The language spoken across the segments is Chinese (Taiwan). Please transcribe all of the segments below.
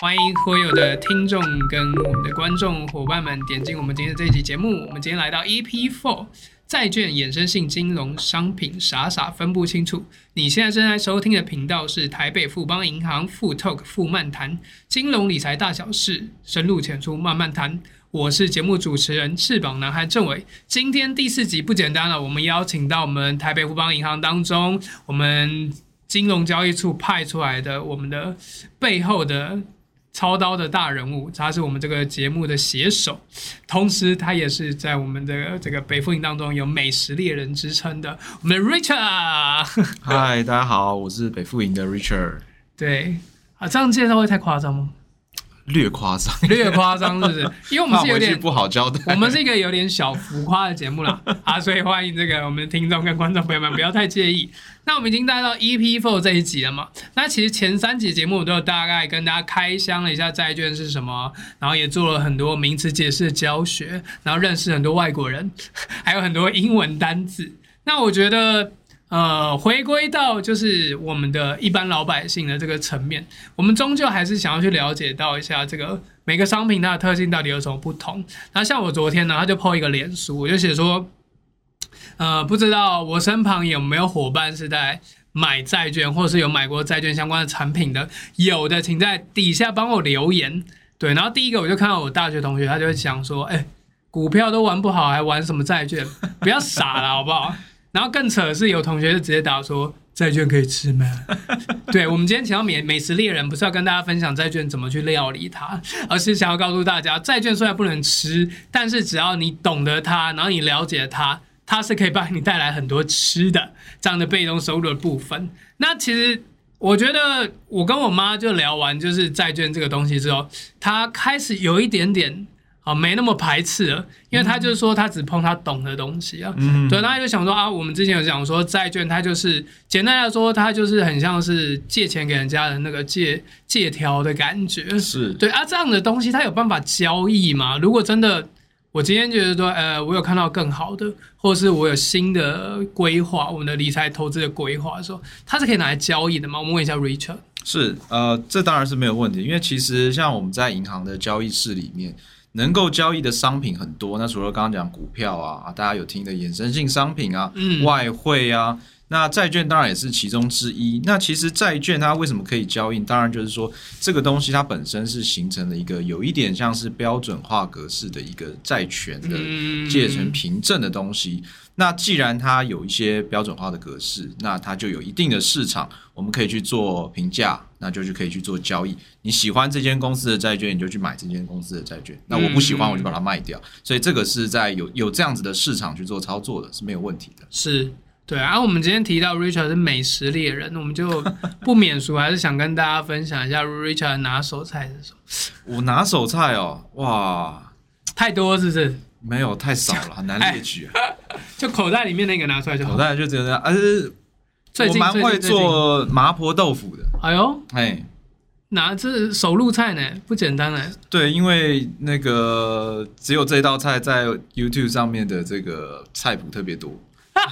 歡迎所有的聽眾跟我們的觀眾夥伴們，點進我們今天的這一集節目。我們今天來到 EP Four，債券衍生性金融商品傻傻分不清楚。你現在正在收聽的頻道是台北富邦銀行富 Talk 富漫談金融理財大小事，深入淺出慢慢談。我是節目主持人翅膀男孩鄭偉，今天第四集不簡單了。我們邀請到我們台北富邦銀行當中，我們金融交易處派出來的我們的背後的操刀的大人物，他是我們這個節目的寫手，同時他也是在我們的這個北富銀當中有美食獵人之稱的，我們 Richard。嗨，大家好，我是北富銀的 Richard。對，啊，這樣介紹會太誇張嗎？略誇張，略誇張，是不是？因為我們是有點不好交代。我們是一個有點小浮誇的節目啦啊，所以歡迎這個我們的聽眾跟觀眾朋友們不要太介意。那我們已經帶到 EP Four 這一集了嘛？那其實前三集節目我都有大概跟大家開箱了一下債券是什麼，然後也做了很多名詞解釋的教學，然後認識很多外國人，還有很多英文單字。那我覺得。呃，回歸到就是我們的一般老百姓的這個層面，我們終究還是想要去了解到一下這個每個商品它的特性到底有什麼不同。那像我昨天呢，他就 po 一個臉書，我就寫說，呃，不知道我身旁有沒有夥伴是在買債券，或是有買過債券相關的產品的，有的，請在底下幫我留言。對，然後第一個我就看到我大學同學，他就會想說，哎、欸，股票都玩不好，還玩什麼債券？不要傻了，好不好？ 然後更扯的是，有同學就直接答說：“債券可以吃嗎？” 對，我們今天請到美美食獵人，不是要跟大家分享債券怎麼去料理它，而是想要告訴大家，債券雖然不能吃，但是只要你懂得它，然後你了解它，它是可以幫你帶來很多吃的這樣的被動收入的部分。那其實我覺得，我跟我媽就聊完就是債券這個東西之後，她開始有一點點。啊，沒那麼排斥了，因為他就是說他只碰他懂的東西啊。嗯，對，那他就想說啊，我們之前有講說債券，它就是簡單來說，它就是很像是借錢給人家的那個借借條的感覺。是對啊，這樣的東西它有辦法交易嗎？如果真的，我今天覺得說，呃，我有看到更好的，或者是我有新的規劃，我們的理財投資的規劃的時候，它是可以拿來交易的嗎？我們問一下 Richard。是，呃，這當然是沒有問題，因為其實像我們在銀行的交易室裡面。能夠交易的商品很多，那除了剛剛講股票啊，大家有聽的衍生性商品啊，嗯，外匯啊，那債券當然也是其中之一。那其實債券它為什麼可以交易？當然就是說這個東西它本身是形成了一個有一點像是標準化格式的一個債權的借成憑證的東西。嗯那既然它有一些標準化的格式，那它就有一定的市場，我們可以去做評價，那就是可以去做交易。你喜歡這間公司的債券，你就去買這間公司的債券；那我不喜歡，我就把它賣掉。嗯，所以這個是在有有這樣子的市場去做操作的是沒有問題的。是，對啊。我們今天提到 Richard 是美食獵人，我們就不免俗， 還是想跟大家分享一下 Richard 的拿手菜是什麼？我拿手菜哦，哇，太多是不是？沒有，太少了，很難列舉、啊 哎。就口袋裡面那個拿出來就好，口袋就只有、啊，就是我蠻會做麻婆豆腐的。哎呦，哎，哪這是手路菜呢？不簡單呢。對，因為那個只有這道菜在 YouTube 上面的這個菜譜特別多。啊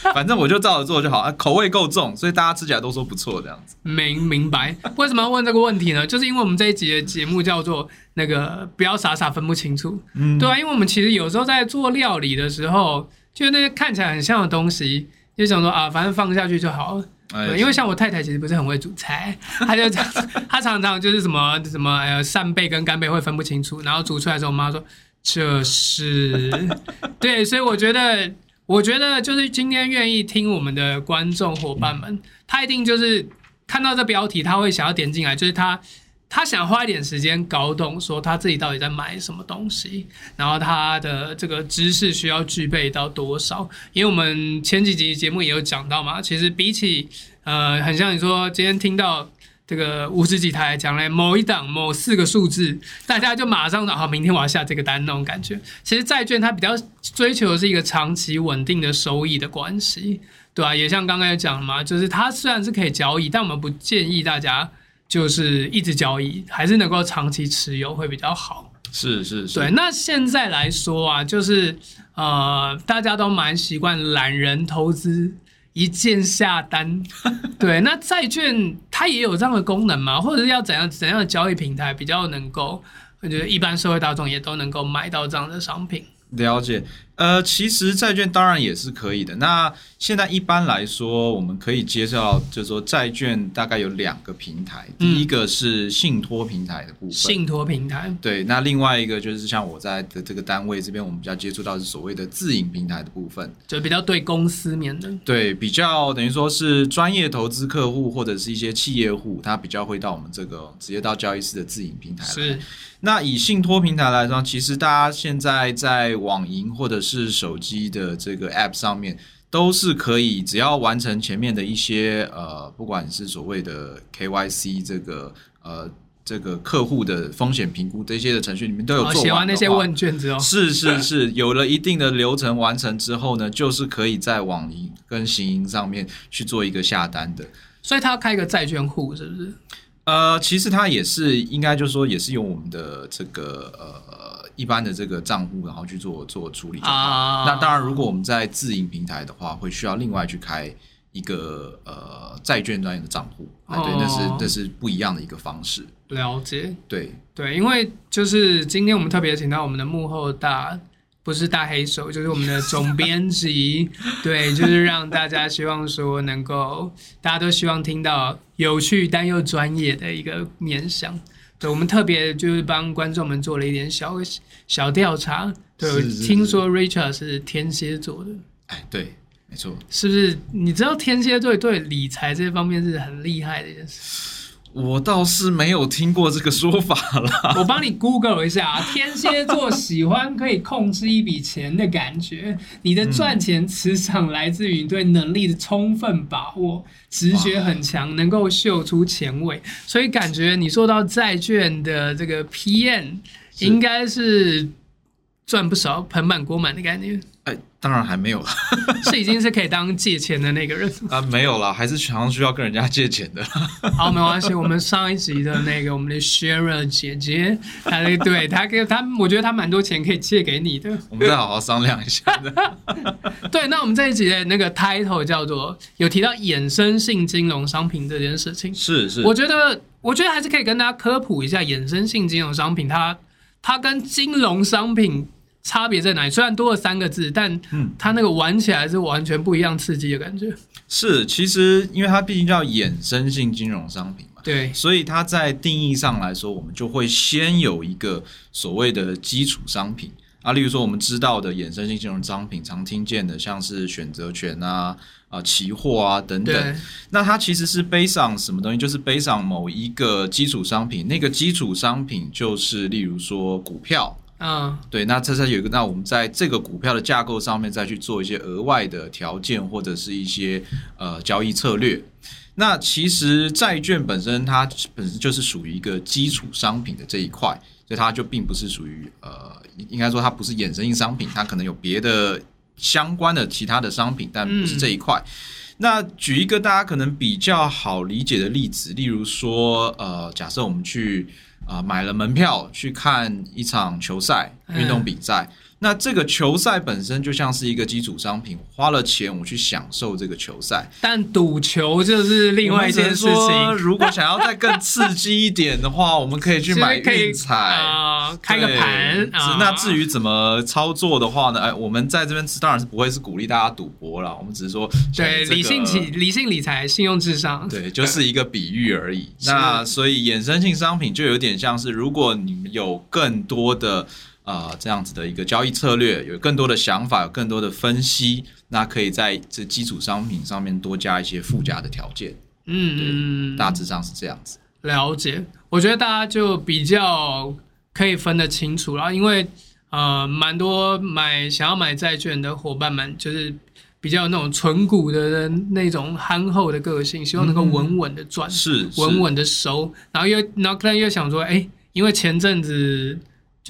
反正我就照着做就好、啊，口味夠重，所以大家吃起來都說不錯，這樣子。明明白，為什麼要問這個問題呢？ 就是因為我們這一集的節目叫做那個不要傻傻分不清楚，嗯，對啊，因為我們其實有時候在做料理的時候，就那些看起來很像的東西，就想說啊，反正放下去就好了、啊嗯，因為像我太太其實不是很會煮菜， 她就這樣，她常常就是什麼什麼，呃扇貝跟干貝會分不清楚，然後煮出來之後，我媽說這是 對，所以我覺得。我覺得就是今天願意聽我們的觀眾夥伴們，他一定就是看到這標題，他會想要點進來，就是他他想花一點時間搞懂，說他自己到底在買什麼東西，然後他的這個知識需要具備到多少？因為我們前幾集節目也有講到嘛，其實比起呃，很像你說今天聽到。這個五十幾台講了某一檔某四個數字，大家就馬上的。好，明天我要下這個單那種感覺。其實債券它比較追求的是一個長期穩定的收益的關係，對啊。也像剛剛有講了嘛，就是它雖然是可以交易，但我們不建議大家就是一直交易，還是能夠長期持有會比較好。是是是，對。那現在來說啊，就是呃，大家都蠻習慣懶人投資。一鍵下單，對，那債券它也有這樣的功能嗎？或者是要怎樣怎樣的交易平台比較能夠，我覺得一般社會大眾也都能夠買到這樣的商品。了解。呃，其實債券當然也是可以的。那現在一般來說，我們可以介紹，就是說債券大概有兩個平台，嗯，第一個是信託平台的部分，信託平台。對，那另外一個就是像我在的這個單位這邊，我們比較接觸到是所謂的自營平台的部分，就比較對公司面的，對，比較等於說是專業投資客戶或者是一些企業戶，他比較會到我們這個直接到交易室的自營平台。是，那以信託平台來說，其實大家現在在網銀或者是是手機的這個 App 上面都是可以，只要完成前面的一些呃，不管是所謂的 KYC 這個呃這個客戶的風險評估這些的程序裡面都有做完的話，哦，寫完那些問卷之後，哦，是是是,是有了一定的流程完成之後呢，就是可以在網銀跟行銀上面去做一個下單的，所以他要開一個債券戶是不是？呃，其實他也是應該就是說也是用我們的這個呃。一般的這個賬戶，然後去做做處理。啊，那當然，如果我們在自營平台的話，會需要另外去開一個呃債券專業的賬戶。啊、哦，對，那是那是不一樣的一個方式。了解。對對，因為就是今天我們特別請到我們的幕後大，不是大黑手，就是我們的總編輯。 對，就是讓大家希望說能夠，大家都希望聽到有趣但又專業的一個分享。對，我們特別就是幫觀眾們做了一點小小調查。對，是是是是，我聽說 Richard 是天蠍座的。哎，對，沒錯。是不是？你知道天蠍座對，對理財這方面是很厲害的一件事。我倒是沒有聽過這個說法了。我幫你 Google 一下啊，天蠍座喜歡可以控制一筆錢的感覺。 你的賺錢磁場來自於你對能力的充分把握，嗯，直覺很強，能夠嗅出錢味，所以感覺你做到債券的這個 PM，應該是，賺不少盆滿缽滿的概念，哎，當然還沒有了， 是已經是可以當借錢的那個人啊，沒有了，還是常常需要跟人家借錢的。 好，沒關係，我們上一集的那個我們的 Sherry 姐姐，她 那、這個、對她跟她，我覺得她蠻多錢可以借給你的，我們再好好商量一下。 對，那我們這一集的那個 title 叫做有提到衍生性金融商品這件事情，是是，我覺得我覺得還是可以跟大家科普一下衍生性金融商品它，它它跟金融商品。差別在哪裡？雖然多了三個字，但它那個玩起來是完全不一樣刺激的感覺。嗯、是，其實因為它畢竟叫衍生性金融商品嘛，對，所以它在定義上來說，我們就會先有一個所謂的基礎商品啊，例如說我們知道的衍生性金融商品，常聽見的像是選擇權啊、啊、期貨啊等等，對。那它其實是背上什麼東西？就是背上某一個基礎商品，那個基礎商品就是例如說股票。嗯、oh.，對，那這是有一個，那我們在這個股票的架構上面再去做一些額外的條件或者是一些呃交易策略。那其實債券本身它本身就是屬於一個基礎商品的這一塊，所以它就並不是屬於呃，應該說它不是衍生性商品，它可能有別的相關的其他的商品，但不是這一塊，嗯。那舉一個大家可能比較好理解的例子，例如說呃，假設我們去。啊、呃，買了門票去看一場球賽、運動比賽。嗯。那這個球賽本身就像是一個基礎商品，花了錢我去享受這個球賽，但賭球就是另外一件事情。 如果想要再更刺激一點的話， 我們可以去買運彩、呃，開個盤、呃。那至於怎麼操作的話呢？呃呃、我們在這邊當然是不會是鼓勵大家賭博了，我們只是說是、這個、對理性，理性理理性理財、信用智商，對，就是一個比喻而已。那所以衍生性商品就有點像是，如果你們有更多的。啊、呃，這樣子的一個交易策略，有更多的想法，有更多的分析，那可以在這基礎商品上面多加一些附加的條件。嗯嗯，大致上是這樣子。了解，我覺得大家就比較可以分得清楚了，因為呃，蠻多買想要買債券的夥伴們，就是比較有那種存股的那種憨厚的個性，希望能夠穩穩的賺，嗯，是穩穩的收，然後又然後可能又想說，哎，欸，因為前陣子，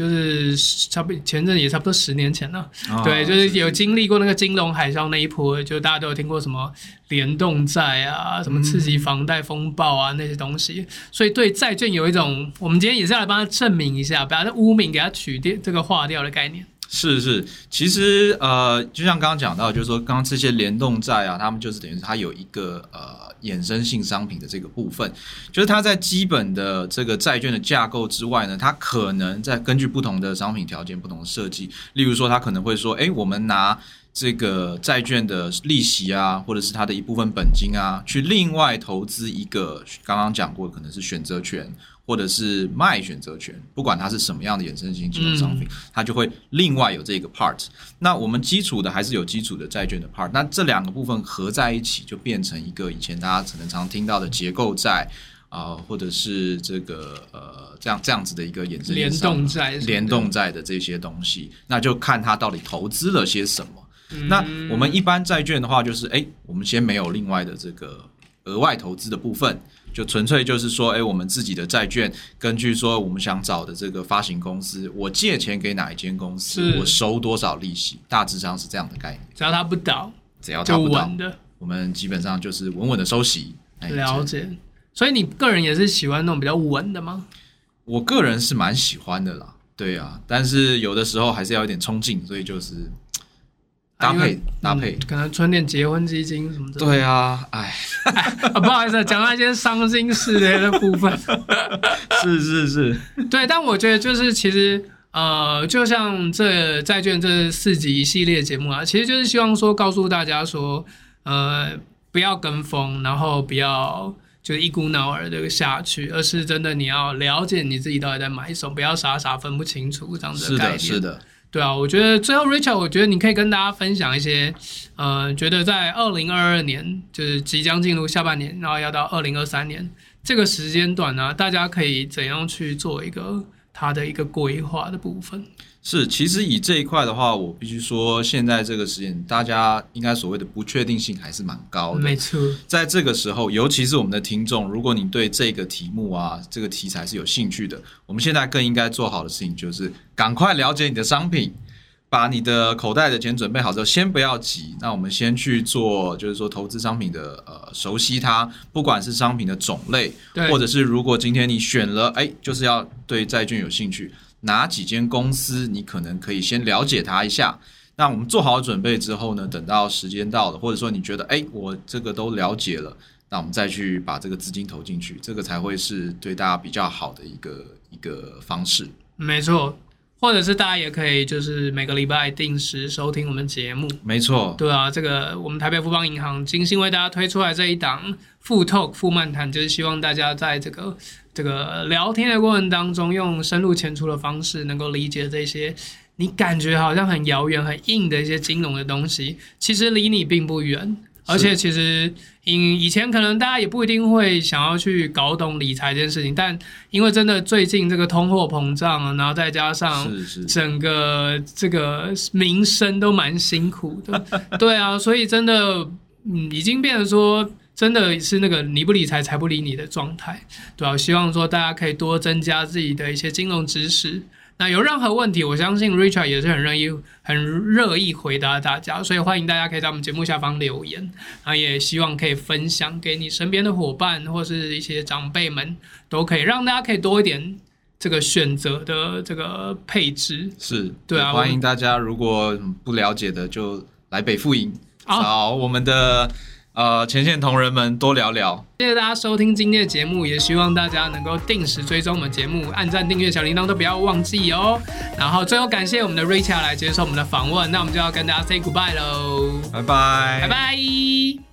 就是差不多，前陣子也差不多十年前了，哦。對，就是有經歷過那個金融海嘯那一波，就大家都有聽過什麼聯動債啊，什麼刺激房貸風暴啊、嗯、那些東西，所以對債券有一種，我們今天也是要來幫他證明一下，把他的污名給他取掉，這個劃掉的概念。是是，其實呃，就像剛剛講到，就是說，剛剛這些聯動債啊，他們就是等於是它有一個呃衍生性商品的這個部分，就是它在基本的這個債券的架構之外呢，它可能在根據不同的商品條件，不同的設計，例如說，它可能會說，哎，我們拿。這個債券的利息啊，或者是它的一部分本金啊，去另外投資一個剛剛講過，可能是選擇權或者是賣選擇權，不管它是什麼樣的衍生性金融商品，嗯，它就會另外有這個 part、嗯。那我們基礎的還是有基礎的債券的 part。那這兩個部分合在一起，就變成一個以前大家可能常聽到的結構債啊，嗯、呃，或者是這個呃這樣這樣子的一個衍生聯動債、聯動債的這些東西。那就看它到底投資了些什麼。那我們一般債券的話，就是哎，我們先沒有另外的這個額外投資的部分，就純粹就是說，哎，我們自己的債券，根據說我們想找的這個發行公司，我借錢給哪一間公司，我收多少利息，大致上是這樣的概念。只要它不倒，只要它穩的，我們基本上就是穩穩的收息。誒，了解。所以你個人也是喜歡那種比較穩的嗎？我個人是蠻喜歡的啦，對啊，但是有的時候還是要有點衝勁，所以就是。搭配搭配，搭配，嗯，可能存點結婚基金什麼的。對啊，哎，不好意思，講 到一些傷心事的部分。 是是是，對，但我覺得就是其實呃，就像這債券這四集系列節目啊，其實就是希望說告訴大家說，呃，不要跟風，然後不要就一股腦兒的下去，而是真的你要了解你自己到底在買什麼，不要傻傻分不清楚這樣子的概念。是的，是的。對啊，我覺得最後 Rachel，我覺得你可以跟大家分享一些，呃，覺得在二零二二年，就是即將進入下半年，然後要到二零二三年這個時間段呢，大家可以怎樣去做一個。它的一個規劃的部分是，其實以這一塊的話，我必須說，現在這個時間，大家應該所謂的不確定性還是蠻高的。沒錯，在這個時候，尤其是我們的聽眾，如果你對這個題目啊，這個題材是有興趣的，我們現在更應該做好的事情就是，趕快了解你的商品。把你的口袋的錢準備好之後，先不要急。那我們先去做，就是說投資商品的，呃，熟悉它。不管是商品的種類，對，或者是如果今天你選了，哎、欸，就是要對債券有興趣，哪幾間公司你可能可以先了解它一下。那我們做好準備之後呢，等到時間到了，或者說你覺得，哎、欸，我這個都了解了，那我們再去把這個資金投進去，這個才會是對大家比較好的一個一個方式。沒錯。或者是大家也可以，就是每個禮拜定時收聽我們節目。沒錯，對啊，這個我們台北富邦銀行精心為大家推出來這一檔富 talk、富漫談，就是希望大家在這個這個聊天的過程當中，用深入淺出的方式，能夠理解這些你感覺好像很遙遠、很硬的一些金融的東西，其實離你並不遠，而且其實。以以前可能大家也不一定會想要去搞懂理財這件事情，但因為真的最近這個通貨膨脹，然後再加上整個這個民生都蠻辛苦的，是是是對啊，所以真的、嗯、已經變得說真的是那個你不理財，財不理你的狀態，對啊，希望說大家可以多增加自己的一些金融知識。那有任何問題，我相信 Richard 也是很願意，很樂意回答大家，所以歡迎大家可以在我們節目下方留言，然後，也希望可以分享給你身邊的夥伴或是一些長輩們，都可以讓大家可以多一點這個選擇的這個配置。是，對啊，歡迎大家如果不了解的就來北富銀，好，啊，我們的。呃，前線同仁們多聊聊。謝謝大家收聽今天的節目，也希望大家能夠定時追蹤我們節目，按讚、訂閱、小鈴鐺都不要忘記哦。然後最後感謝我們的 Richard 來接受我們的訪問，那我們就要跟大家 say goodbye 嘍，拜拜，拜拜。